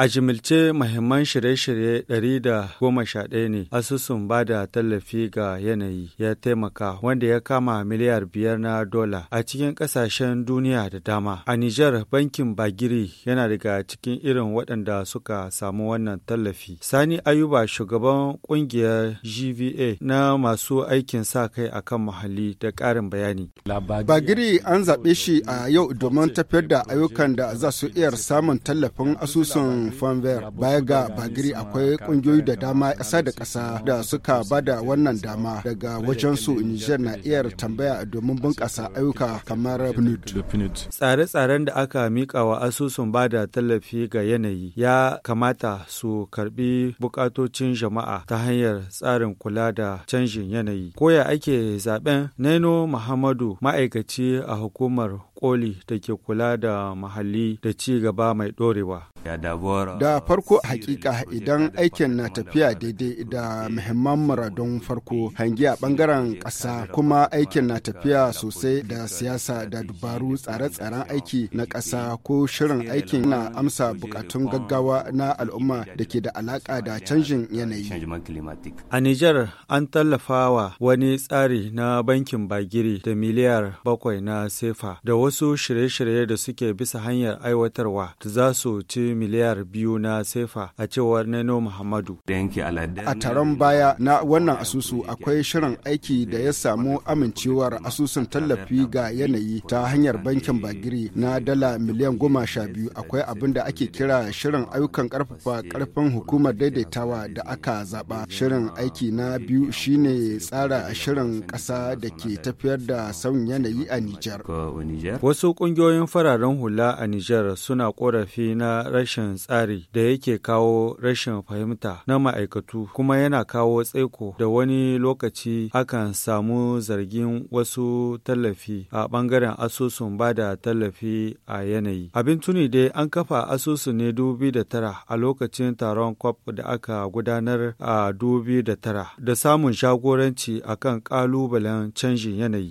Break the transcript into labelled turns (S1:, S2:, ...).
S1: A jimilce mahimman shirye-shirye 111 ne asusun ba da tallafi ga yanayi ya taimaka wanda ya kama miliyar biyar na dola a cikin kasashen duniya da dama. A Nijar bankin Bagiri yana daga cikin irin waɗanda suka samu wannan tallafi. Sani Ayuba shugaban ƙungiyar GVA na masu aikin sa kai a kan muhalli da ƙarin bayani. Bagiri
S2: an zaɓe shi a yau domin tafiyar da ayyukan da za su iya samun tallafin asusun shirin fanver baya ga bagiri akwai kungiyoyi da dama ƙasa da ƙasa da suka bada wannan dama daga wajen su niger na iya tambaya domin bunƙasa ayyuka kamar pnut
S1: tsare-tsaren da aka mika wa asusun bada tallafi ga yanayi ya kamata su karbi bukatocin jama'a ta hanyar tsarin kula da canjin yanayi koya ake zaben naino muhammadu ma'aikaci a hukumar koli da ke kula da mahalli da ci gaba mai ɗorewa.
S2: Da farko hakika idan aikin na tafiya daidai da muhimman muradun farko hangi a bangaren ƙasa kuma aikin na tafiya sosai da siyasa da dubaru tsare-tsaren aiki na ƙasa ko shirin aikin na amsa bukatun gaggawa na al'umma da ke da alaƙa da canjin yanayi.
S1: A Nijar an tallafawa wani tsari na bankin bagiri da miliyar bakwai na sefa da wasu wasu shirye-shirye da suke bisa hanyar aiwatarwa za su ci miliyar biyu na sefa a cewar neno Muhammadu. A taron
S2: baya na wannan asusu akwai shirin aiki da ya samu amincewar asusun tallafi ga yanayi ta hanyar bankin bagiri na dala miliyan goma sha biyu akwai abin da ake kira shirin ayyukan karfafa karfin hukumar daidaitawa da aka zaba. Shirin aiki na biyu shine tsara shirin ƙasa da ke tafiyar da sauyin yanayi a Nijar.
S1: Wasu ƙungiyoyin fararen hula a Nijar suna ƙorafi na rashin tsari da yake kawo rashin fahimta na ma'aikatu kuma yana kawo tsaiko da wani lokaci akan samu zargin wasu tallafi a ɓangaren asusun ba da tallafi a yanayi. Abin tuni dai an kafa asusun ne dubi da tara a lokacin taron kwaf da aka gudanar a dubi da tara da samun shagoranci akan ƙalubalen canjin yanayi.